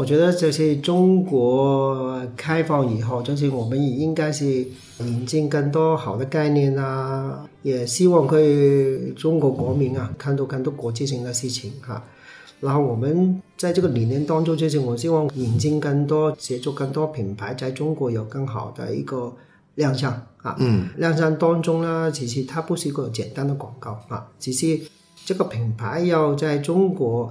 我覺得就是中國開放以後，就是我們也應該是引進更多好的概念啊，也希望可以中國國民啊，看到更多國際性的事情哈、啊。然後我們在這個理念當中，就是我希望引進更多，協助更多品牌在中國有更好的一個亮相啊。嗯。亮相當中呢，其實它不是一個簡單的廣告啊，只是這個品牌要在中國。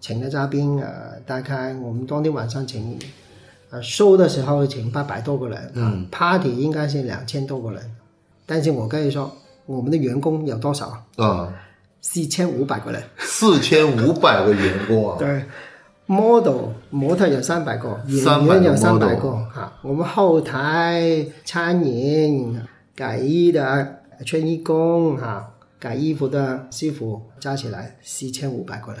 請的嘉賓啊、呃，大概我們當天晚上請，啊、呃、show 的時候請八百多個人，嗯，party 嗯應該是兩千多個人，但是我跟你說我們的員工有多少啊？四千五百個人。四千五百個員工啊？對 model 模特有三百個，演員有三百個，個。哈，我們後台、餐飲，改衣的穿衣工，哈，改衣服的師傅，加起來四千五百個人。